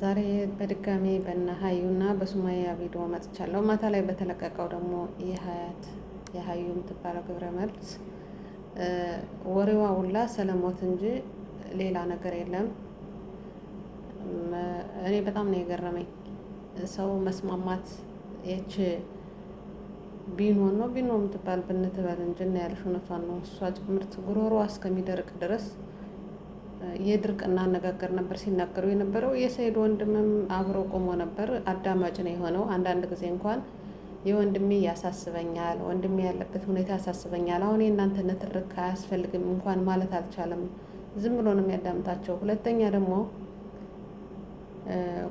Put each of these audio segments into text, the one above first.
ዛሬ በድጋሚ በነ ሀዩና በሱማያ ቪዲዮ መጥቻለሁ። ማታ ላይ በተለቀቀው ደግሞ የሀያት የሀዩ የምትባለው ግብረ መልስ ወሬዋ ውላ ስለሞት እንጂ ሌላ ነገር የለም። እኔ በጣም ነው የገረመኝ። ሰው መስማማት የች ቢኖ ነው ቢኖ የምትባል ብንትበል እንጂ እና ያልሽ እውነቷን ነው። እሷ ጭምርት ጉሮሮ እስከሚደርቅ ድረስ የድርቅና አነጋገር ነበር ሲናገሩ የነበረው። የሰይድ ወንድምም አብሮ ቆሞ ነበር፣ አዳማጭ ነው የሆነው። አንዳንድ ጊዜ እንኳን የወንድሜ ያሳስበኛል፣ ወንድሜ ያለበት ሁኔታ ያሳስበኛል፣ አሁን የእናንተ ንትርክ አያስፈልግም እንኳን ማለት አልቻለም። ዝም ብሎ ነው የሚያዳምጣቸው። ሁለተኛ ደግሞ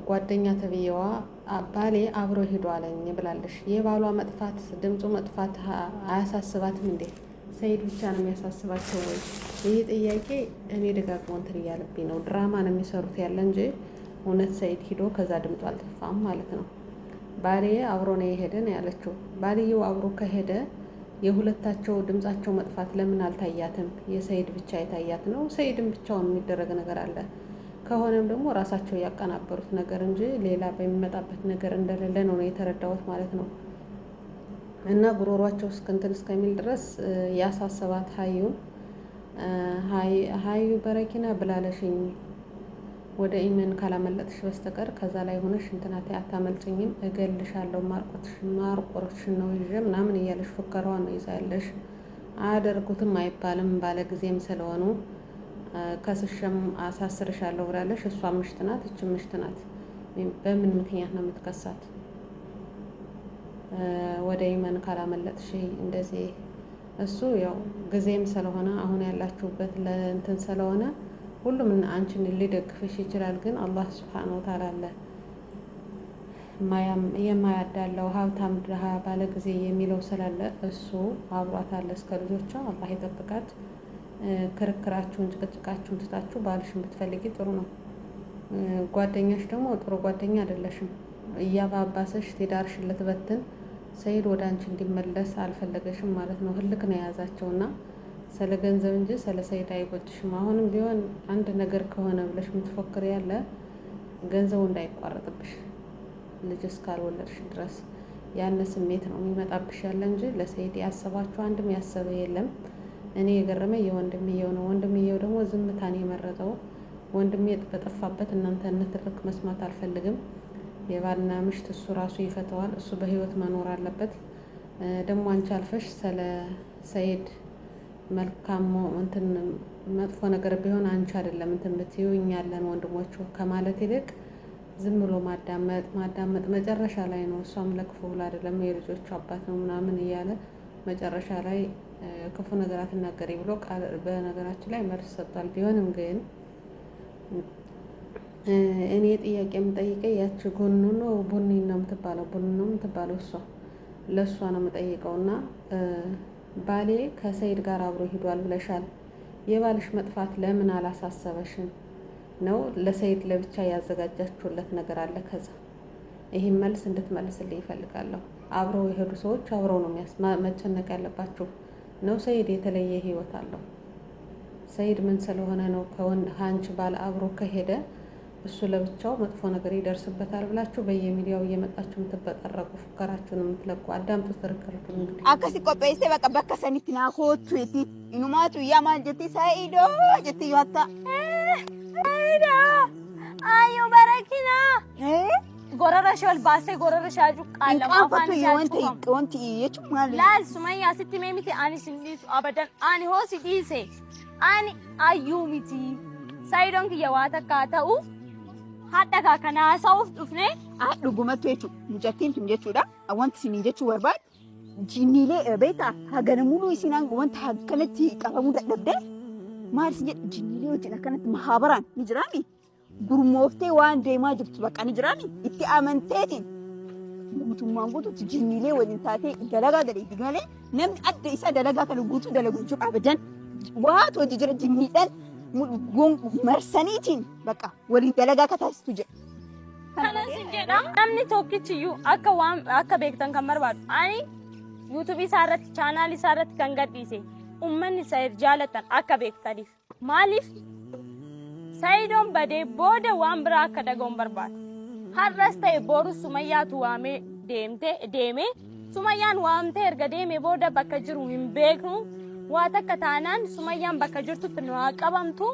ጓደኛ ተብዬዋ ባሌ አብሮ ሄዷለኝ ብላለሽ። የባሏ መጥፋት ድምፁ መጥፋት አያሳስባትም እንዴ? ሰይድ ብቻ ነው የሚያሳስባቸው ወይ? ይህ ጥያቄ እኔ ደጋግሞ እንትን እያለብኝ ነው። ድራማ ነው የሚሰሩት ያለ እንጂ እውነት ሰይድ ሂዶ ከዛ ድምጡ አልጠፋም ማለት ነው። ባልዬ አብሮ ነው የሄደ ነው ያለችው። ባልየው አብሮ ከሄደ የሁለታቸው ድምጻቸው መጥፋት ለምን አልታያትም? የሰይድ ብቻ የታያት ነው። ሰይድም ብቻውን የሚደረግ ነገር አለ ከሆነም ደግሞ ራሳቸው ያቀናበሩት ነገር እንጂ ሌላ በሚመጣበት ነገር እንደሌለ ነው የተረዳሁት ማለት ነው። እና ጉሮሯቸው እስክንትን እስከሚል ድረስ ያሳሰባት ሀዩ ሀዩ በረኪና ብላለሽኝ ወደ ኢመን ካላመለጥሽ በስተቀር ከዛ ላይ ሆነሽ እንትናት አታመልጭኝም፣ እገልሻለሁ፣ ማርቆርሽን ነው ይዤ ምናምን እያለሽ ፉከሯ ነው ይዛለሽ። አደርጉትም አይባልም ባለ ጊዜም ስለሆኑ ከስሸም አሳስርሻለሁ ብላለሽ። እሷ ምሽት ናት፣ እችም ምሽት ናት። በምን ምክንያት ነው የምትከሳት? ወደ የመን ካላመለጥሽ እንደዚህ እሱ ያው ጊዜም ስለሆነ አሁን ያላችሁበት ለእንትን ስለሆነ ሁሉም አንቺን ሊደግፍሽ ይችላል። ግን አላህ ስብሓን ወተዓላ አለ የማያዳለው ሀብታም ድሃ ባለ ጊዜ የሚለው ስላለ እሱ አለ እስከ ልጆቿ አላህ ይጠብቃት። ክርክራችሁን፣ ጭቅጭቃችሁን ትታችሁ ባልሽን ብትፈልጊ ጥሩ ነው። ጓደኛሽ ደግሞ ጥሩ ጓደኛ አይደለሽም። እያባባሰሽ ትዳርሽን ልትበትን ሰይድ ወደ አንቺ እንዲመለስ አልፈለገሽም ማለት ነው። ህልክ ነው የያዛቸውና ስለ ገንዘብ እንጂ ስለ ሰይድ አይቆጭሽም። አሁንም ቢሆን አንድ ነገር ከሆነ ብለሽ የምትፎክር ያለ ገንዘቡ እንዳይቋረጥብሽ ልጅ እስካልወለድሽ ድረስ ያነ ስሜት ነው የሚመጣብሽ ያለ እንጂ ለሰይድ ያሰባችሁ አንድም ያሰበ የለም። እኔ የገረመ የወንድምየው ነው። ወንድምየው ደግሞ ዝምታን የመረጠው ወንድሜ በጠፋበት እናንተ ንትርክ መስማት አልፈልግም የባልና ምሽት እሱ ራሱ ይፈተዋል። እሱ በህይወት መኖር አለበት። ደግሞ አንቺ አልፈሽ ስለ ሰይድ መልካም እንትን መጥፎ ነገር ቢሆን አንቺ አይደለም እንትን ብትይው እኛለን ወንድሞቹ ከማለት ይልቅ ዝም ብሎ ማዳመጥ ማዳመጥ መጨረሻ ላይ ነው። እሷም ለክፉ ብሎ አይደለም የልጆቹ አባት ነው ምናምን እያለ መጨረሻ ላይ ክፉ ነገር አትናገሪ ብሎ በነገራችን ላይ መልስ ሰጥቷል። ቢሆንም ግን እኔ ጥያቄ የምጠይቀው ያቺ ጎኑ ነው ቡኒ ነው የምትባለው ቡኒ ነው የምትባለው እሷ ለእሷ ነው የምጠይቀው። እና ባሌ ከሰይድ ጋር አብሮ ሂዷል ብለሻል። የባልሽ መጥፋት ለምን አላሳሰበሽም? ነው ለሰይድ ለብቻ ያዘጋጃችሁለት ነገር አለ? ከዛ ይህም መልስ እንድትመልስልኝ ይፈልጋለሁ። አብረው የሄዱ ሰዎች አብረው ነው መጨነቅ ያለባችሁ። ነው ሰይድ የተለየ ህይወት አለው። ሰይድ ምን ስለሆነ ነው ከወንድ አንቺ ባል አብሮ ከሄደ እሱ ለብቻው መጥፎ ነገር ይደርስበታል ብላችሁ በየሚዲያው እየመጣችሁ የምትበጠረቁ ፉከራችሁን የምትለቁ አዳም ትርክር አካሲ ቆጴሴ በቃ በከሰኒትና ሆቱ ቲ ኢኑማቱ ያማን ጀቲ ሳኢዶ ጀቲ ዮታ አይዳ አዮ በረኪና ጎረረሾል ባሴ ጎረረሻጁ ቃለማፋን ወንቲ ወንቲ የቹማ ላልሱመያ ስትሜሚቲ አኒ ሲንዲሱ አበደን አኒ ሆሲ ዲሴ አኒ አዩሚቲ ሳይዶንክ የዋተካ ተኡ haadha kana haasa'uuf dhufnee dhugumatti jechuudha. Mijattiin tun jechuudha. Wanti isin jechuu barbaadu jinniilee beekaa haganamuu isin wanta akkanatti qabamuu dadhabdee maal isin jedhu jinniilee wajjin akkanatti mahaabaraan ni jiraanii gurmooftee waan deemaa jirtu baqa ni jiraanii itti amanteetiin mootummaan guututti jinniilee waliin taatee dalagaa galeetti galee namni adda isaa dalagaa kana guutuu dalagu jechuu qabajan waatu hojii jira jinniidhaan marsaniitiin bakka waliin dalagaa akka taasistu jedha. Kanas jedha namni tokkichiyyuu akka waan akka beektan kan barbaadu ani yuutuubii isaa irratti chaanaal isaa irratti kan gadhiise uummanni Saayid jaalatan akka beektaniif maaliif Saayidoon badee booda waan biraa akka dagahuun barbaada. Har'as ta'e booru Sumayyaatu waamee deemtee deemee Sumayyaan waamtee erga deemee booda bakka jiru hin beeknu waa takka taanaan sumayyaan bakka jirtutti nu haa qabamtu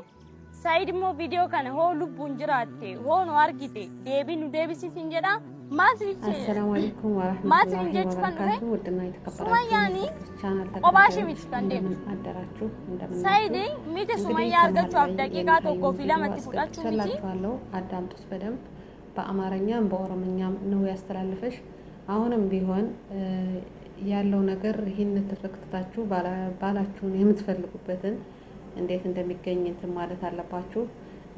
saayid immoo viidiyoo kana hoo lubbuun jiraatte hoo nu argite deebii nu deebisiisin jedha አሰላሙ አለይኩም ወራህመቱላሂ ወበረካቱ። ውድና የተከበራችሁ ቆባሽ ሚት እንደምን አደራችሁ? እንደምን ሳይዲ ሚት ሱመያ አርጋችሁ ደቂቃ ቶኮ ፊለመት ቁጣችሁ ትላችኋለሁ። አዳምጡት በደንብ በአማርኛም በኦሮምኛም ነው ያስተላልፈሽ። አሁንም ቢሆን ያለው ነገር ይህን ትርክትታችሁ ባላችሁን የምትፈልጉበትን እንዴት እንደሚገኝ እንትን ማለት አለባችሁ።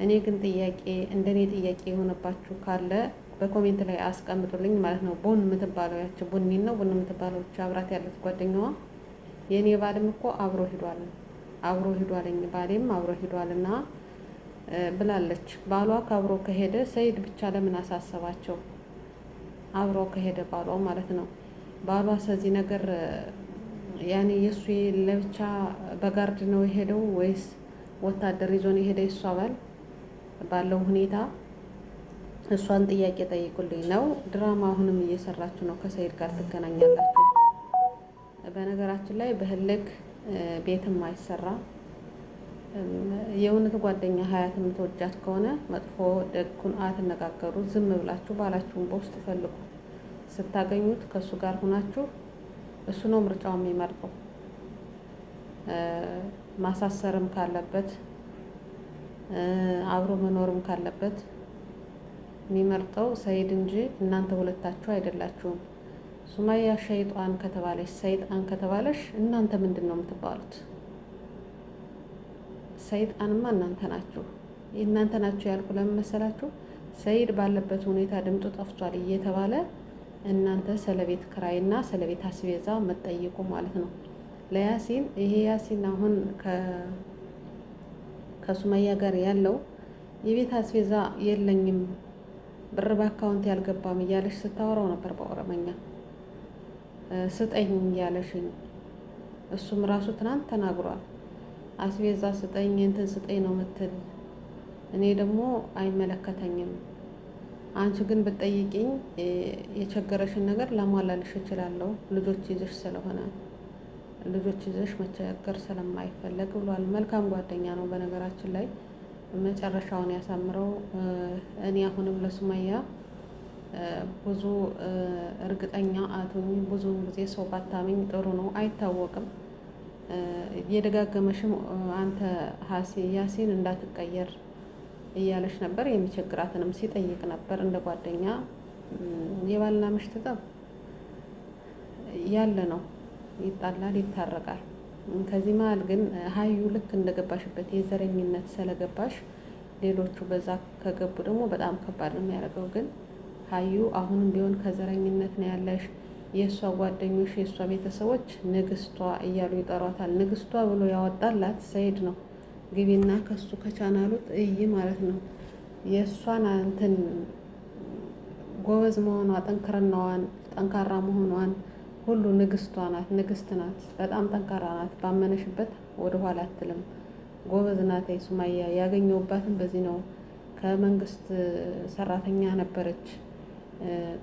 እኔ ግን ጥያቄ እንደኔ ጥያቄ የሆነባችሁ ካለ በኮሜንት ላይ አስቀምጡልኝ ማለት ነው። ቡን የምትባለው ያቸው ቡኒ ነው ቡን የምትባለው አብራት ያለት ጓደኛዋ የእኔ ባልም እኮ አብሮ ሂዷል አብሮ ሂዷልኝ ባሌም አብሮ ሂዷልና ብላለች። ባሏ ከአብሮ ከሄደ ሰይድ ብቻ ለምን አሳሰባቸው? አብሮ ከሄደ ባሏ ማለት ነው። ባሏ እዚህ ነገር ያኔ የእሱ ለብቻ በጋርድ ነው የሄደው ወይስ ወታደር ይዞ ነው የሄደ? የእሱ አባል ባለው ሁኔታ እሷን ጥያቄ ጠይቁልኝ ነው። ድራማ አሁንም እየሰራችሁ ነው፣ ከሰይድ ጋር ትገናኛላችሁ። በነገራችን ላይ በህልክ ቤትም አይሰራ። የእውነት ጓደኛ ሀያት የምትወጃት ከሆነ መጥፎ ደጉን አትነጋገሩ። ዝም ብላችሁ ባላችሁን በውስጥ ፈልጉ። ስታገኙት ከእሱ ጋር ሁናችሁ እሱ ነው ምርጫው የሚመርጠው። ማሳሰርም ካለበት አብሮ መኖርም ካለበት የሚመርጠው ሰይድ እንጂ እናንተ ሁለታችሁ አይደላችሁም። ሱማያ ሸይጧን ከተባለች ሰይጣን ከተባለሽ እናንተ ምንድን ነው የምትባሉት? ሰይጣንማ እናንተ ናችሁ። እናንተ ናችሁ ያልኩ ለምን መሰላችሁ? ሰይድ ባለበት ሁኔታ ድምጡ ጠፍቷል እየተባለ እናንተ ስለቤት እና ስለቤት አስቤዛ መጠይቁ ማለት ነው። ለያሲን ይሄ ያሲን አሁን ከሱመያ ጋር ያለው የቤት አስቤዛ የለኝም ብር በአካውንት ያልገባም እያለሽ ስታወራው ነበር በኦሮመኛ ስጠኝ እያለሽኝ እሱም ራሱ ትናንት ተናግሯል። አስቤዛ ስጠኝ እንትን ስጠኝ ነው ምትል እኔ ደግሞ አይመለከተኝም አንቺ ግን ብትጠይቂኝ የቸገረሽን ነገር ላሟላልሽ እችላለሁ። ልጆች ይዘሽ ስለሆነ ልጆች ይዘሽ መቸገር ስለማይፈለግ ብሏል። መልካም ጓደኛ ነው። በነገራችን ላይ መጨረሻውን ያሳምረው። እኔ አሁንም ለሱማያ ብዙ እርግጠኛ አቱኝ ብዙውን ጊዜ ሰው ባታምኝ ጥሩ ነው። አይታወቅም። የደጋገመሽም አንተ ሀሴ ያሲን እንዳትቀየር እያለች ነበር። የሚቸግራትንም ሲጠይቅ ነበር እንደ ጓደኛ። የባልና ምሽት ጠብ ያለ ነው፣ ይጣላል፣ ይታረቃል። ከዚህ መሀል ግን ሀዩ ልክ እንደገባሽበት የዘረኝነት ስለገባሽ ሌሎቹ በዛ ከገቡ ደግሞ በጣም ከባድ ነው የሚያደርገው። ግን ሀዩ አሁንም ቢሆን ከዘረኝነት ነው ያለሽ። የእሷ ጓደኞች የእሷ ቤተሰቦች ንግስቷ እያሉ ይጠሯታል። ንግስቷ ብሎ ያወጣላት ሰይድ ነው። ግቢና ከሱ ከቻናሉ እይ ማለት ነው። የእሷን እንትን ጎበዝ መሆኗ ጠንክርናዋን ጠንካራ መሆኗን ሁሉ ንግስቷ ናት። ንግስት ናት። በጣም ጠንካራ ናት። ባመነሽበት ወደኋላ አትልም። ጎበዝ ናት። ሱማያ ያገኘውባትን በዚህ ነው። ከመንግስት ሰራተኛ ነበረች።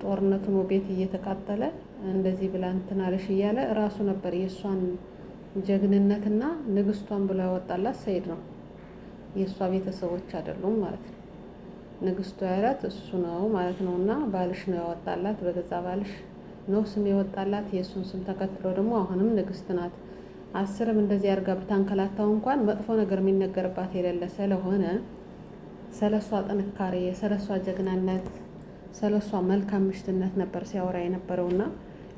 ጦርነቱ ነው ቤት እየተቃጠለ እንደዚህ ብላ እንትን እያለ እራሱ ነበር የእሷን ጀግንነትና ንግስቷን ብሎ ያወጣላት ሰይድ ነው። የእሷ ቤተሰቦች አይደሉም ማለት ነው። ንግስቷ ያላት እሱ ነው ማለት ነው። እና ባልሽ ነው ያወጣላት፣ በገዛ ባልሽ ነው ስም የወጣላት። የእሱን ስም ተከትሎ ደግሞ አሁንም ንግስት ናት። አስርም እንደዚህ አድርጋ ብታንከላታው እንኳን መጥፎ ነገር የሚነገርባት የሌለ ስለሆነ ሰለሷ ጥንካሬ፣ ሰለሷ ጀግናነት፣ ሰለሷ መልካም ምሽትነት ነበር ሲያወራ የነበረውና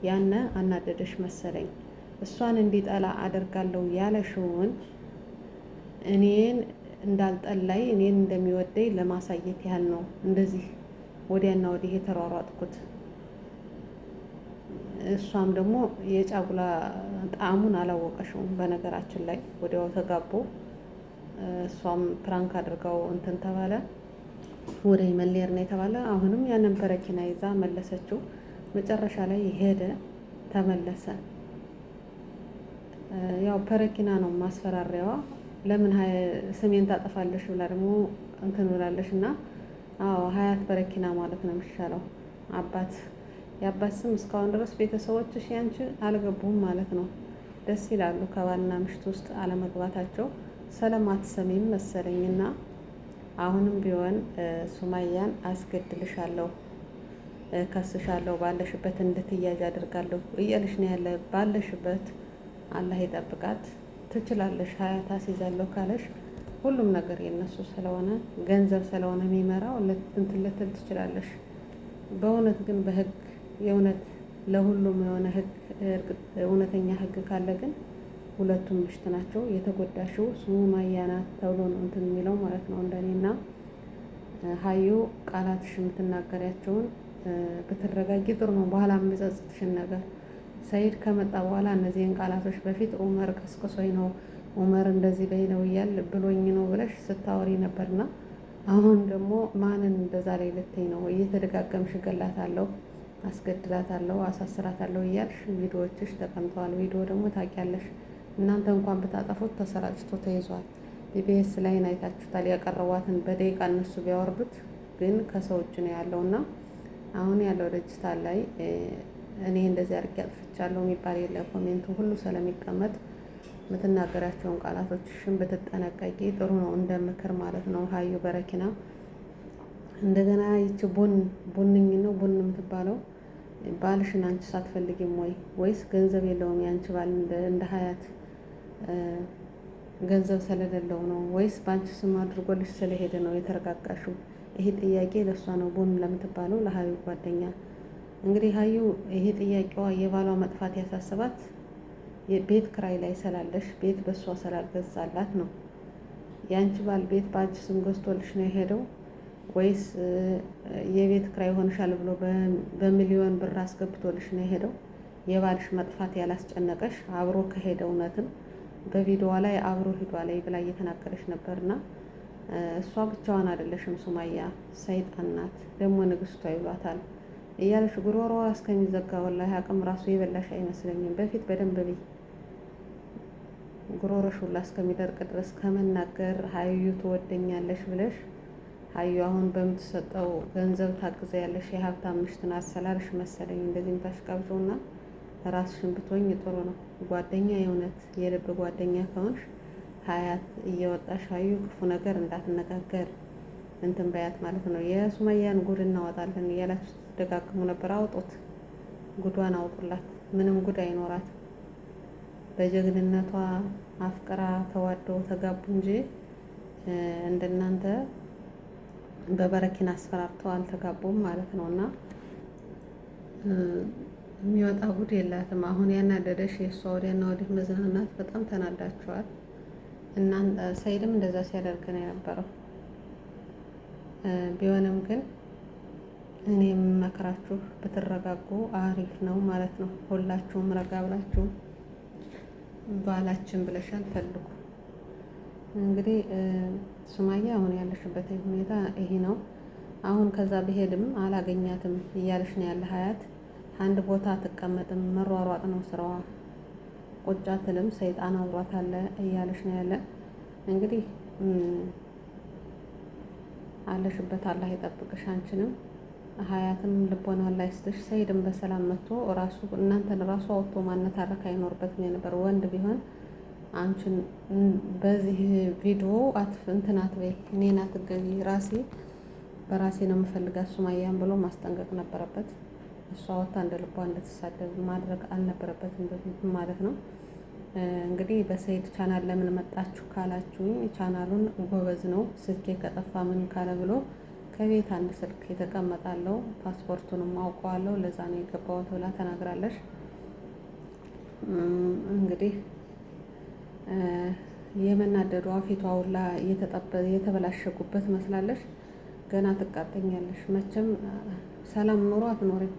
ያነ አናደደሽ መሰለኝ። እሷን እንዲጠላ አደርጋለሁ ያለሽውን እኔን እንዳልጠላይ እኔን እንደሚወደኝ ለማሳየት ያህል ነው እንደዚህ ወዲያና ወዲህ የተሯሯጥኩት። እሷም ደግሞ የጫጉላ ጣዕሙን አላወቀሽውም። በነገራችን ላይ ወዲያው ተጋቦ እሷም ፕራንክ አድርገው እንትን ተባለ። ወደ መሌር ነው የተባለ። አሁንም ያንን በረኪና ይዛ መለሰችው። መጨረሻ ላይ ሄደ ተመለሰ። ያው ፐረኪና ነው ማስፈራሪያዋ። ለምን ስሜን ታጠፋለሽ ብላ ደግሞ እንትን ብላለሽ እና አዎ ሀያት በረኪና ማለት ነው የሚሻለው። አባት የአባት ስም እስካሁን ድረስ ቤተሰቦችሽ ያንቺ አልገቡም ማለት ነው። ደስ ይላሉ ከባልና ምሽት ውስጥ አለመግባታቸው። ሰሜን መሰለኝ መሰለኝና አሁንም ቢሆን ሱማያን አስገድልሻለሁ፣ ከስሻለሁ፣ ባለሽበት እንድትያዥ አድርጋለሁ እያልሽ ነው ያለ ባለሽበት አላህ ይጠብቃት። ትችላለሽ፣ ሀያት አስይዛለሁ ካለሽ ሁሉም ነገር የነሱ ስለሆነ ገንዘብ ስለሆነ የሚመራው እንትን ልትል ትችላለሽ። በእውነት ግን በህግ የእውነት ለሁሉም የሆነ ህግ እውነተኛ ህግ ካለ ግን ሁለቱም ምሽት ናቸው። የተጎዳሽው ሱማያ ናት ተብሎ ነው እንትን የሚለው ማለት ነው። እንደኔና ሀዩ ቃላትሽ የምትናገሪያቸውን ብትረጋጊ ጥሩ ነው። በኋላ የሚጸጽትሽን ነገር ሰይድ ከመጣ በኋላ እነዚህን ቃላቶች በፊት ኡመር ቀስቅሶኝ ነው ኡመር እንደዚህ በይ ነው እያል ብሎኝ ነው ብለሽ ስታወሪ ነበርና አሁን ደግሞ ማንን እንደዛ ላይ ልትኝ ነው? እየተደጋገምሽ ገላታለሁ፣ አስገድላታለሁ፣ አሳስራታለሁ እያልሽ ቪዲዮዎችሽ ተቀምጠዋል። ቪዲዮ ደግሞ ታውቂያለሽ፣ እናንተ እንኳን ብታጠፉት ተሰራጭቶ ተይዟል። ኢቢኤስ ላይን አይታችሁታል። ያቀረቧትን በደቂቃ እነሱ ቢያወርዱት ግን ከሰው እጅ ነው ያለውና አሁን ያለው ዲጂታል ላይ እኔ እንደዚህ አድርጌ አጥፍቻለሁ የሚባል የለ። ኮሜንቱ ሁሉ ስለሚቀመጥ የምትናገራቸውን ቃላቶችሽን ብትጠነቀቂ ጥሩ ነው፣ እንደ ምክር ማለት ነው። ሀዩ በረኪና እንደገና ይቺ ቡን ቡንኝ ነው ቡን የምትባለው ባልሽን አንቺ ሳትፈልጊም ወይ ወይስ ገንዘብ የለውም ያንቺ ባል እንደ ሀያት ገንዘብ ስለሌለው ነው ወይስ በአንቺ ስም አድርጎልሽ ስለሄደ ነው የተረጋጋሹ? ይሄ ጥያቄ ለእሷ ነው ቡን ለምትባለው ለሀዩ ጓደኛ እንግዲህ ሀዩ ይሄ ጥያቄዋ የባሏ መጥፋት ያሳሰባት ቤት ክራይ ላይ ስላለሽ ቤት በእሷ ስላልገዛላት ነው። የአንቺ ባል ቤት በአንቺ ስም ገዝቶልሽ ነው የሄደው ወይስ የቤት ክራይ ሆንሻል ብሎ በሚሊዮን ብር አስገብቶልሽ ነው የሄደው? የባልሽ መጥፋት ያላስጨነቀሽ አብሮ ከሄደ እውነትም በቪዲዋ ላይ አብሮ ሂዷ ላይ ብላ እየተናገረች ነበርና እሷ ብቻዋን አይደለሽም ሱማያ፣ ሰይጣን ናት ደግሞ ንግስቷ ይሏታል። እያለሽ ጉሮሮ እስከሚዘጋ ወላሂ አቅም ራሱ የበላሽ አይመስለኝም። በፊት በደንብ ብይ ጉሮሮሽ ሁላ እስከሚደርቅ ድረስ ከመናገር ሀዩ ትወደኛለሽ ብለሽ ሀዩ አሁን በምትሰጠው ገንዘብ ታግዘ ያለሽ የሀብታም ምሽት ናት ስላልሽ መሰለኝ እንደዚህ ምታሽቃብጨውና ራስሽን ብትወኝ ጥሩ ነው። ጓደኛ የእውነት የልብ ጓደኛ ከሆንሽ ሀያት እየወጣሽ ሀዩ ክፉ ነገር እንዳትነጋገር እንትን በያት ማለት ነው። የሱመያን ጉድ እናወጣለን እያላችሁ ስትደጋግሙ ነበር። አውጡት፣ ጉዷን አውጡላት። ምንም ጉድ አይኖራት። በጀግንነቷ አፍቅራ ተዋደው ተጋቡ እንጂ እንደናንተ በበረኪና አስፈራርተው አልተጋቡም ማለት ነው። እና የሚወጣ ጉድ የላትም። አሁን ያናደደሽ የእሷ ወዲያና ወዲህ መዝናናት። በጣም ተናዳችኋል። እና ሰይድም እንደዛ ሲያደርግ ነው የነበረው። ቢሆንም ግን እኔ የምመክራችሁ ብትረጋጉ አሪፍ ነው ማለት ነው። ሁላችሁም ረጋ ብላችሁ ባላችን ብለሻል ፈልጉ። እንግዲህ ሱማያ አሁን ያለሽበት ሁኔታ ይሄ ነው። አሁን ከዛ ብሄድም አላገኛትም እያለሽ ነው ያለ ሀያት አንድ ቦታ አትቀመጥም፣ መሯሯጥ ነው ስራዋ። ቁጭ አትልም፣ ሰይጣን አውሯት አለ እያለሽ ነው ያለ እንግዲህ አለሽበት አላህ ይጠብቅሽ። አንቺንም ሀያትም ልቦናን ላይ ስትሽ ሰይድን በሰላም መጥቶ ራሱ እናንተን ራሱ አውጥቶ አረክ አይኖርበትም የነበር ወንድ ቢሆን አንቺን በዚህ ቪዲዮ እንትን አትበይ፣ እኔን አትገቢ፣ ራሴ በራሴ ነው የምፈልጋት ሱማያን ብሎ ማስጠንቀቅ ነበረበት። እሷ ወታ እንደ ልቧ እንደተሳደብ ማድረግ አልነበረበትም ማለት ነው። እንግዲህ በሰይድ ቻናል ለምን መጣችሁ ካላችሁኝ ቻናሉን ጎበዝ ነው። ስልኬ ከጠፋ ምን ካለ ብሎ ከቤት አንድ ስልክ የተቀመጣለው ፓስፖርቱንም አውቀዋለሁ ለዛ ነው የገባሁት ብላ ተናግራለች። እንግዲህ የመናደዷ ፊቷ ሁላ የተበላሸጉበት መስላለች። ገና ትቃጠኛለች። መቼም ሰላም ኑሮ አትኖሪም።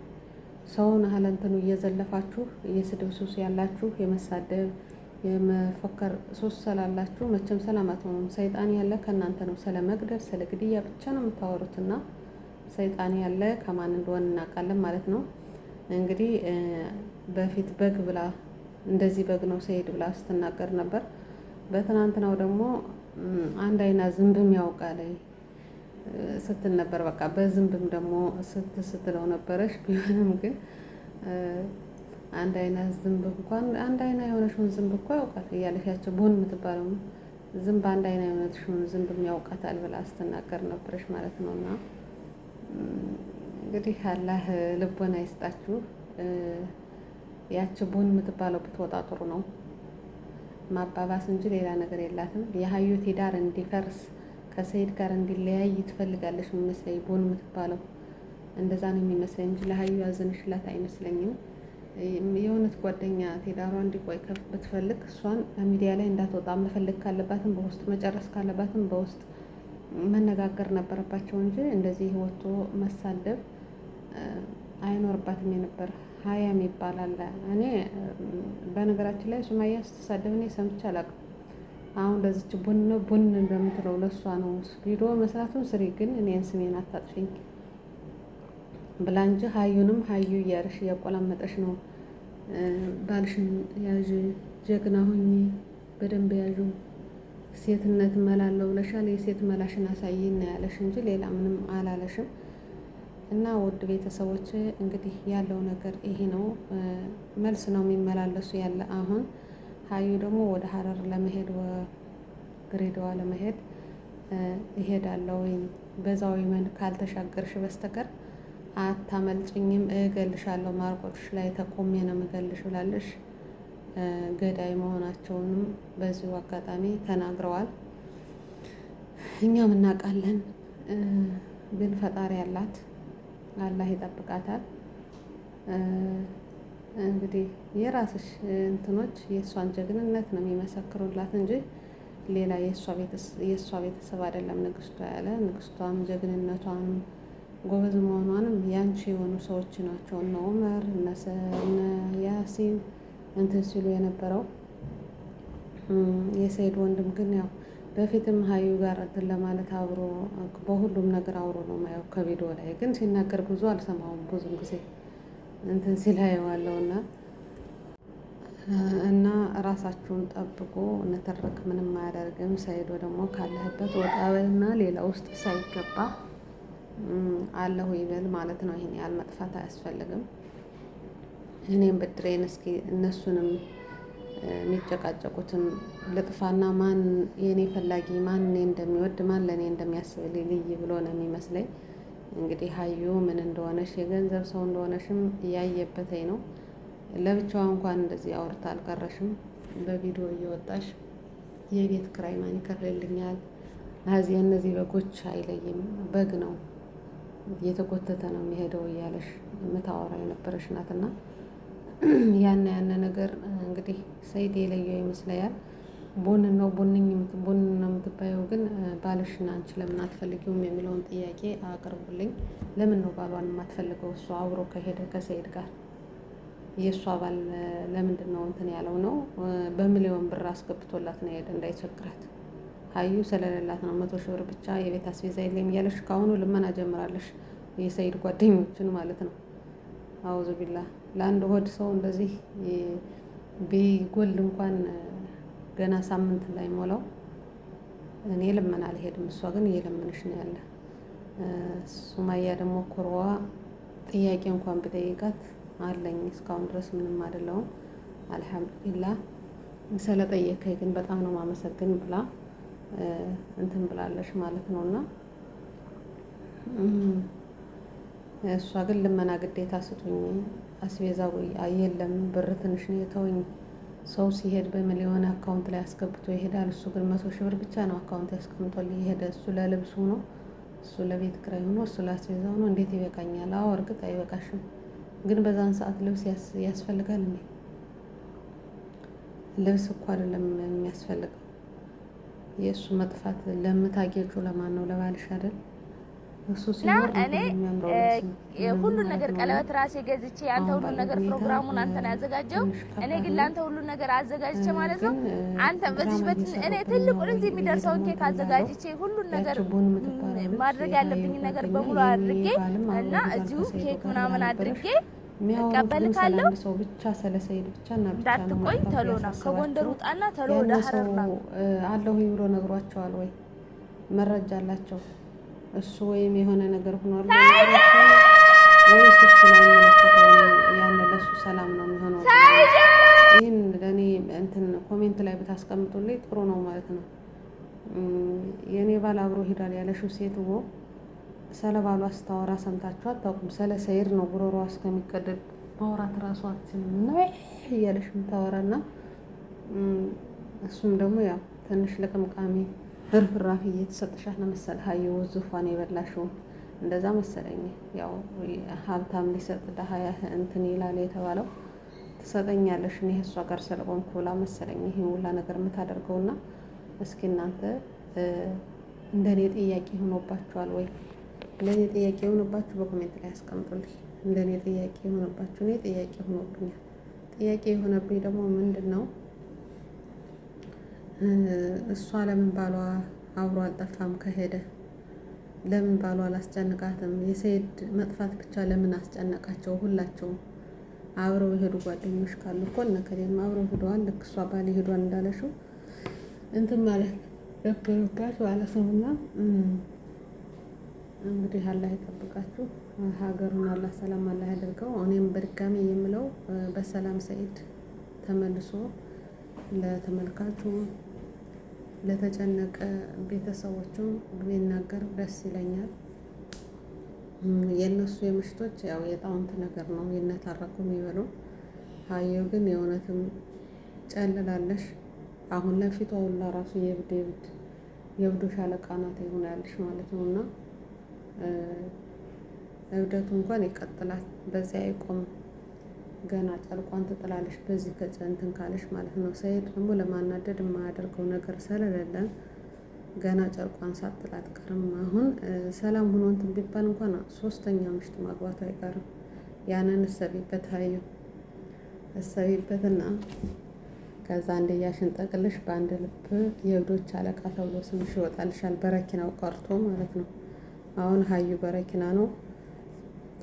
ሰውን አህለንትኑ እየዘለፋችሁ የስድብ ሱስ ያላችሁ የመሳደብ የመፎከር ሱስ ስላላችሁ መቼም ሰላም አትሆኑም። ሰይጣን ያለ ከእናንተ ነው። ስለ መግደል ስለ ግድያ ብቻ ነው የምታወሩትና ሰይጣን ያለ ከማን እንደሆን እናውቃለን ማለት ነው። እንግዲህ በፊት በግ ብላ እንደዚህ በግ ነው ሰይድ ብላ ስትናገር ነበር። በትናንትናው ደግሞ አንድ አይና ዝንብም ያውቃል ስትል ነበር። በቃ በዝንብም ደግሞ ስት ስትለው ነበረች። ቢሆንም ግን አንድ አይነት ዝንብ እንኳን አንድ አይና የሆነሽውን ዝንብ እኮ ያውቃል እያለሻቸው ቦን የምትባለው ነው ዝንብ አንድ አይና የሆነሽውን ዝንብ ያውቃታል ብላ ስትናገር ነበረች ማለት ነው። እና እንግዲህ አላህ ልቦና ይስጣችሁ። ያቸው ቦን የምትባለው ብትወጣ ጥሩ ነው። ማባባስ እንጂ ሌላ ነገር የላትም። የሀዩቴ ዳር እንዲፈርስ ከሰይድ ጋር እንዲለያይ ትፈልጋለች የሚመስለኝ ቦን የምትባለው እንደዛ ነው የሚመስለኝ እንጂ ለሀዩ ያዘንሽላት አይመስለኝም። የእውነት ጓደኛ ቴዳሯ እንዲቆይ ብትፈልግ እሷን ሚዲያ ላይ እንዳትወጣ መፈለግ ካለባትም በውስጥ መጨረስ ካለባትም በውስጥ መነጋገር ነበረባቸው እንጂ እንደዚህ ወጥቶ መሳደብ አይኖርባትም የነበር። ሀያም ይባላል። እኔ በነገራችን ላይ ሱማያ ስትሳደብ እኔ ሰምቼ አላውቅም። አሁን ለዚች ቡን ቡን እንደምትለው ለእሷ ነው ቪዲዮ መስራቱን ስሪ፣ ግን እኔን ስሜን አታጥፊኝ ብላ እንጂ ሀዩንም ሀዩ እያርሽ እያቆላመጠሽ ነው። ባልሽን ያዥ፣ ጀግና ሁኚ፣ በደንብ ያዥ፣ ሴትነት መላለው ብለሻል። የሴት መላሽን አሳይና ያለሽ እንጂ ሌላ ምንም አላለሽም። እና ውድ ቤተሰቦች እንግዲህ ያለው ነገር ይሄ ነው። መልስ ነው የሚመላለሱ ያለ አሁን ካዩ ደግሞ ወደ ሀረር ለመሄድ ድሬዳዋ ለመሄድ ወይም በዛው የመን ካልተሻገርሽ በስተቀር አታመልጭኝም፣ እገልሻለሁ፣ ማርቆች ላይ ተቆሜ ነው ምገልሽ ብላለሽ። ገዳይ መሆናቸውንም በዚሁ አጋጣሚ ተናግረዋል። እኛም እናውቃለን፣ ግን ፈጣሪ ያላት አላህ ይጠብቃታል። እንግዲህ የራስሽ እንትኖች የእሷን ጀግንነት ነው የሚመሰክሩላት እንጂ ሌላ የእሷ ቤተሰብ አይደለም ንግስቷ ያለ ንግስቷም ጀግንነቷም ጎበዝ መሆኗንም ያንቺ የሆኑ ሰዎች ናቸው። እነ ኡመር እነ ያሲን እንትን ሲሉ የነበረው የሰይድ ወንድም ግን ያው በፊትም ሀዩ ጋር እንትን ለማለት አብሮ በሁሉም ነገር አብሮ ነው ማየው። ከቪዲዮ ላይ ግን ሲናገር ብዙ አልሰማውም ብዙም ጊዜ እንትን ሲል አየዋለሁና እና እና ራሳችሁን ጠብቁ። ንትርክ ምንም አያደርግም። ሰይዶ ደግሞ ካለህበት ወጣ በልና ሌላ ውስጥ ሳይገባ አለሁ ይበል ማለት ነው። ይሄን ያህል መጥፋት አያስፈልግም። እኔም ብድሬን እስኪ እነሱንም የሚጨቃጨቁትም ልጥፋና ማን የእኔ ፈላጊ ማን እኔ እንደሚወድ ማን ለእኔ እንደሚያስብልኝ ልይ ብሎ ነው የሚመስለኝ። እንግዲህ ሀዩ ምን እንደሆነሽ የገንዘብ ሰው እንደሆነሽም እያየበተኝ ነው። ለብቻዋ እንኳን እንደዚህ አውርታ አልቀረሽም። በቪዲዮ እየወጣሽ የቤት ክራይ ማን ይከፍልልኛል? እዚህ እነዚህ በጎች አይለይም፣ በግ ነው እየተጎተተ ነው የሚሄደው እያለሽ የምታወራ የነበረሽ ናትና ያን ያነ ነገር እንግዲህ ሰይድ የለየው ይመስለኛል። ቦን ነው ቦንኝ ቦን ነው የምትባየው ግን ባልሽን አንቺ ለምን አትፈልጊውም የሚለውን ጥያቄ አቅርቡልኝ። ለምን ነው ባሏን የማትፈልገው? እሷ አብሮ ከሄደ ከሰይድ ጋር የእሷ ባል ለምንድን ነው እንትን ያለው ነው? በሚሊዮን ብር አስገብቶላት ነው ሄደ እንዳይቸግራት ሀዩ ስለሌላት ነው። መቶ ሺህ ብር ብቻ የቤት አስቤዛ የለም እያለሽ ከአሁኑ ልመና ጀምራለሽ። የሰይድ ጓደኞችን ማለት ነው። አውዙ ቢላ ለአንድ ሆድ ሰው እንደዚህ ቢጎል እንኳን ገና ሳምንት ላይ ሞላው። እኔ ልመና አልሄድም፣ እሷ ግን እየለመነች ነው ያለ። ሱማያ ደግሞ ኩርዋ ጥያቄ እንኳን ብጠይቃት አለኝ እስካሁን ድረስ ምንም አይደለውም አልሐምዱሊላህ ስለጠየከኝ ግን በጣም ነው ማመሰግን ብላ እንትን ብላለች ማለት ነው። እና እሷ ግን ልመና ግዴታ ስጡኝ፣ አስቤዛ የለም ብር ትንሽ ነው የተውኝ ሰው ሲሄድ በሚሊዮን የሆነ አካውንት ላይ አስገብቶ ይሄዳል። እሱ ግን መቶ ሺህ ብር ብቻ ነው አካውንት ያስቀምጧል። ይሄደ እሱ ለልብሱ ነው፣ እሱ ለቤት ክራይ ሆኖ፣ እሱ ለአስቤዛው ነው። እንዴት ይበቃኛል? አዎ እርግጥ አይበቃሽም፣ ግን በዛን ሰዓት ልብስ ያስፈልጋል እንዴ? ልብስ እኮ አይደለም የሚያስፈልገው። የእሱ መጥፋት ለምታጌጩ ለማን ነው? ለባልሽ አይደል? እኔ ሁሉን ነገር ቀለበት ራሴ ገዝቼ አንተ ሁሉን ነገር ፕሮግራሙን አንተ ነው ያዘጋጀው። እኔ ግን ለአንተ ሁሉን ነገር አዘጋጅቼ ማለት ነው። አንተ እኔ ትልቁን እዚህ የሚደርሰውን ኬክ አዘጋጅቼ ሁሉን ነገር ማድረግ ያለብኝ ነገር በሙሉ አድርጌ እና እዚሁ ኬክ ምናምን አድርጌ እቀበልካለሁ። እንዳትቆይ ተሎ ና፣ ከጎንደር ውጣና ተሎ ወደ ሀረር ና አለሁ ብሎ ነግሯቸዋል ወይ መረጃ አላቸው? እሱ ወይም የሆነ ነገር ሆኗል ወይስ እሱ ላይ መለከተው ያን ለሱ ሰላም ነው የሚሆነው? ይህን ለእኔ እንትን ኮሜንት ላይ ብታስቀምጡልኝ ጥሩ ነው ማለት ነው። የእኔ ባል አብሮ ሄዳል ያለሽው ሴትዎ ስለ ባሏ ስታወራ ሰምታችሁ አታውቁም። ስለ ሰይድ ነው ጉሮሮዋ እስከሚቀደድ ማውራት ራሷ አትችልም። ነው እያለሽ የምታወራና እሱም ደግሞ ያው ትንሽ ልቅምቃሚ ርፍራፊ እየተሰጥሻት ነው መሰል ሀየው ዙፋን የበላሽው እንደዛ መሰለኝ። ያው ሀብታም ሊሰጥ ድሀ እንትን ይላል የተባለው ትሰጠኛለሽ እኔ እሷ ጋር ስለቆምኩ ብላ መሰለኝ ይህን ሁላ ነገር የምታደርገውና እስኪ እናንተ እንደኔ ጥያቄ ሆኖባችኋል ወይ? እንደኔ ጥያቄ የሆነባችሁ በኮሜንት ላይ አስቀምጡልኝ። እንደኔ ጥያቄ የሆነባችሁ እኔ ጥያቄ ሆኖብኛል። ጥያቄ የሆነብኝ ደግሞ ምንድን ነው እሷ ለምን ባሏ አብሮ አልጠፋም ከሄደ ለምን ባሏ አላስጨንቃትም? የሰይድ መጥፋት ብቻ ለምን አስጨነቃቸው? ሁላቸውም አብረው የሄዱ ጓደኞች ካሉ እኮ እነ ከሌም አብረው ሄደዋል። ልክ እሷ ባል ሄዷል እንዳለሽው እንትን ማለት ነበረባት ማለት ነው። እና እንግዲህ አላህ ይጠብቃችሁ፣ ሀገሩን አላህ ሰላም አላህ ያደርገው። እኔም በድጋሚ የምለው በሰላም ሰይድ ተመልሶ ለተመልካቹ ለተጨነቀ ቤተሰቦቹም ቢናገር ደስ ይለኛል። የእነሱ የምሽቶች ያው የጣውንት ነገር ነው የነታረኩ የሚበሉ ሀየው ግን የእውነትም ጨልላለሽ። አሁን ለፊቷ ሁላ ራሱ የብድ የብድ የብዶ ሻለቃ ናት ያለሽ ማለት ነው። እና እብደቱ እንኳን ይቀጥላል፣ በዚያ አይቆምም። ገና ጨርቋን ትጥላለች። በዚህ ከእንትን ካለች ማለት ነው። ሰይድ ደግሞ ለማናደድ የማያደርገው ነገር ስለሌለ ገና ጨርቋን ሳጥል አትቀርም። አሁን ሰላም ሆኖ እንትን ቢባል እንኳን ሶስተኛ ምሽት ማግባት አይቀርም። ያንን እሰቢበት ሀዩ እሰቢበትና ከዛ አንድ ጠቅልሽ በአንድ ልብ የእብዶች አለቃ ተብሎ ስምሽ ይወጣልሻል። በረኪናው ቀርቶ ማለት ነው። አሁን ሀዩ በረኪና ነው።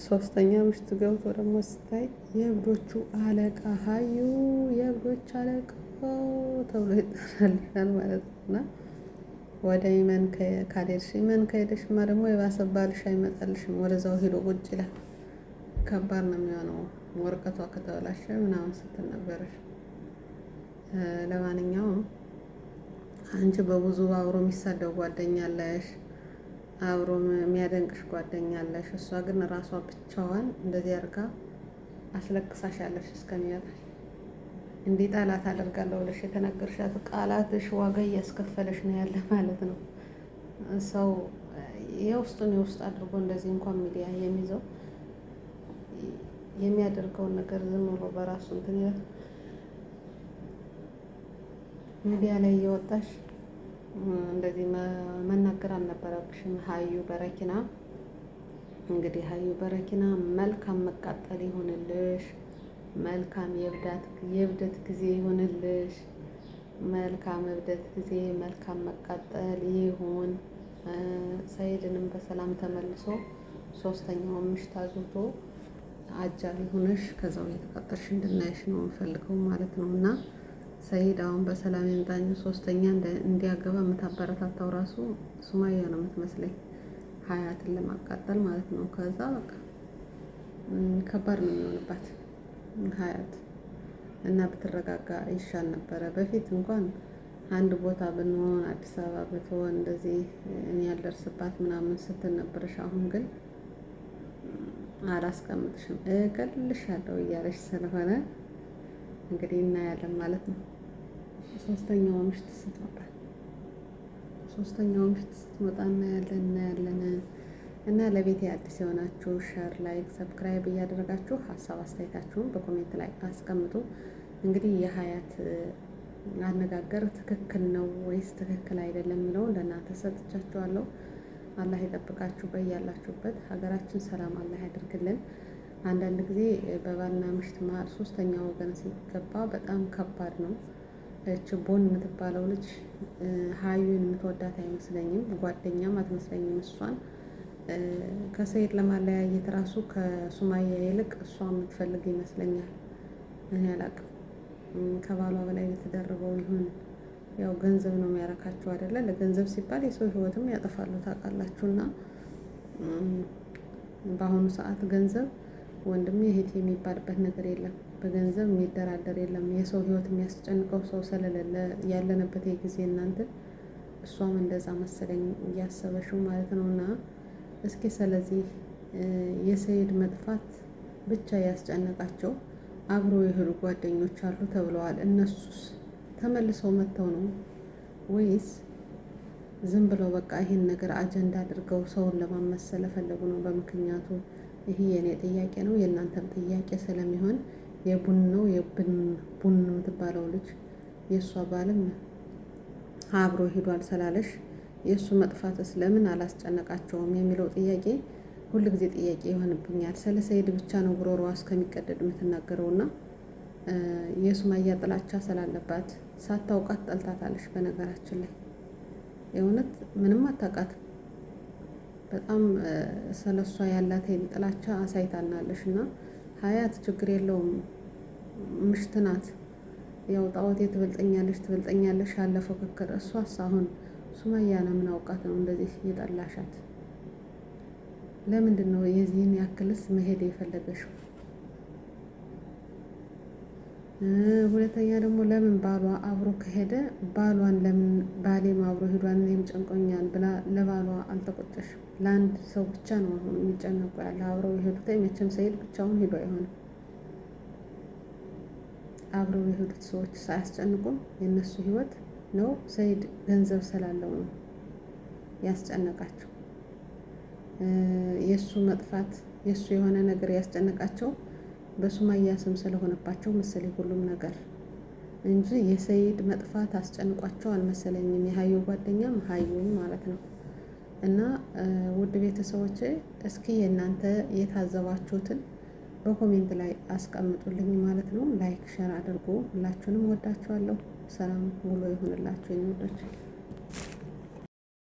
ሶስተኛ ምሽት ገብቶ ደግሞ ስታይ የእብዶቹ አለቃ ሀዩ የእብዶች አለቃ ተብሎ ይጠራልሻል ማለት ነው። እና ወደ ይመን ካልሄድሽ ይመን ከሄደሽማ ደግሞ የባሰባልሽ አይመጣልሽም። ወደዛው ሂዶ ቁጭ ይላል። ከባድ ነው የሚሆነው ወረቀቷ ከተበላሸ ምናምን ስትል ነበረሽ። ለማንኛውም አንቺ በብዙ አብሮ የሚሳደው ጓደኛ አለሽ። አብሮ የሚያደንቅሽ ጓደኛ አለሽ። እሷ ግን ራሷ ብቻዋን እንደዚህ አድርጋ ያለሽ እስከሚያልፍ እንዲህ ጠላት አደርጋለሁ ብለሽ የተናገርሻት ቃላትሽ ዋጋ እያስከፈለሽ ነው ያለ ማለት ነው። ሰው የውስጡን የውስጥ አድርጎ እንደዚህ እንኳን ሚዲያ የሚይዘው የሚያደርገውን ነገር ዝም ብሎ በራሱ እንትን ይላል። ሚዲያ ላይ እየወጣሽ እንደዚህ መናገር አልነበረብሽም። ሀዩ በረኪና እንግዲህ ሀዩ በረኪና መልካም መቃጠል ይሁንልሽ፣ መልካም የእብደት ጊዜ ይሁንልሽ፣ መልካም እብደት ጊዜ፣ መልካም መቃጠል ይሁን። ሰይድንም በሰላም ተመልሶ ሶስተኛው ምሽት አግብቶ አጃቢ ሆነሽ ከዛው እየተቃጠልሽ እንድናይሽ ነው የምፈልገው ማለት ነው እና ሰይድ አሁን በሰላም የምጣኝ ሶስተኛ እንዲያገባ የምታበረታታው ራሱ ሱማያ ነው የምትመስለኝ። ሀያትን ለማቃጠል ማለት ነው። ከዛ በቃ ከባድ ነው የሚሆንባት ሀያት እና ብትረጋጋ ይሻል ነበረ። በፊት እንኳን አንድ ቦታ ብንሆን አዲስ አበባ ብትሆን እንደዚህ እኔ ያልደርስባት ምናምን ስትል ነበረሽ። አሁን ግን አላስቀምጥሽም እገልሻለሁ እያለሽ ስለሆነ እንግዲህ እናያለን ማለት ነው። ሶስተኛው ምሽት ስትመጣ ሶስተኛው ምሽት ስትመጣ እናያለን እናያለን እና ለቤት አዲስ የሆናችሁ ሸር፣ ላይክ፣ ሰብስክራይብ እያደረጋችሁ ሀሳብ አስተያየታችሁን በኮሜንት ላይ አስቀምጡ። እንግዲህ የሀያት አነጋገር ትክክል ነው ወይስ ትክክል አይደለም የሚለውን ለእናንተ ሰጥቻችኋለሁ። አላህ ይጠብቃችሁ በያላችሁበት። ሀገራችን ሰላም አላህ ያድርግልን። አንዳንድ ጊዜ በባልና ምሽት መሀል ሶስተኛ ወገን ሲገባ በጣም ከባድ ነው። ችቦን የምትባለው ልጅ ሀዩን የምትወዳት አይመስለኝም፣ ጓደኛም አትመስለኝም። እሷን ከሰይድ ለማለያየት ራሱ ከሱማያ ይልቅ እሷ የምትፈልግ ይመስለኛል። እኔ አላቅም ከባሏ በላይ የተደረበው ይሁን። ያው ገንዘብ ነው የሚያረካቸው አይደለ? ለገንዘብ ሲባል የሰው ህይወትም ያጠፋሉ ታውቃላችሁና በአሁኑ ሰዓት ገንዘብ ወንድም እህቴ የሚባልበት ነገር የለም። በገንዘብ የሚደራደር የለም። የሰው ህይወት የሚያስጨንቀው ሰው ስለሌለ ያለንበት የጊዜ እናንተ እሷም እንደዛ መሰለኝ እያሰበሽው ማለት ነው። እና እስኪ ስለዚህ የሰይድ መጥፋት ብቻ ያስጨነቃቸው አብሮ የሄዱ ጓደኞች አሉ ተብለዋል። እነሱስ ተመልሰው መጥተው ነው ወይስ ዝም ብለው በቃ ይህን ነገር አጀንዳ አድርገው ሰውን ለማመሰል ፈለጉ ነው? በምክንያቱ ይህ የእኔ ጥያቄ ነው፣ የእናንተም ጥያቄ ስለሚሆን ነው የቡን የምትባለው ልጅ የእሷ ባልም አብሮ ሂዷል ስላለሽ የእሱ መጥፋትስ ለምን አላስጨነቃቸውም የሚለው ጥያቄ ጊዜ ጥያቄ ይሆንብኛል። ስለ ሰይድ ብቻ ነው ጉሮሮዋ እስከሚቀደድ ና የሱማያ ጥላቻ ስላለባት ሳታውቃት ጠልታታለች በነገራችን ላይ የእውነት ምንም አታውቃት በጣም ስለሷ ያላትን ጥላቻ አሳይታናለሽ። እና ሀያት ችግር የለውም ምሽት ናት። ያው ጣዖቴ ትበልጠኛለሽ ትበልጠኛለሽ ያለ ፉክክር። እሷስ አሁን ሱመያ ነው ምን አውቃት ነው እንደዚህ የጠላሻት? ለምንድን ነው የዚህን ያክልስ መሄድ የፈለገሽው? ሁለተኛ ደግሞ ለምን ባሏ አብሮ ከሄደ ባሏን ለምን ባሌም አብሮ ሄዷን እኔም ጨንቆኛል ብላ ለባሏ አልተቆጨሽም? ለአንድ ሰው ብቻ ነው አሁን የሚጨነቁ ያለ አብረው የሄዱት መቼም ሰይድ ብቻውን ሂዷ አይሆንም። አብረው የሄዱት ሰዎች ሳያስጨንቁም የእነሱ ህይወት ነው። ሰይድ ገንዘብ ስላለው ነው ያስጨነቃቸው። የእሱ መጥፋት የእሱ የሆነ ነገር ያስጨነቃቸው በሱማያ ስም ስለሆነባቸው መሰለኝ ሁሉም ነገር እንጂ የሰይድ መጥፋት አስጨንቋቸው አልመሰለኝም። የሀዩ ጓደኛም ሀዩም ማለት ነው። እና ውድ ቤተሰቦች እስኪ የእናንተ የታዘባችሁትን በኮሜንት ላይ አስቀምጡልኝ ማለት ነው። ላይክ ሸር አድርጉ። ሁላችሁንም ወዳችኋለሁ። ሰላም ውሎ ይሁንላችሁ የኔ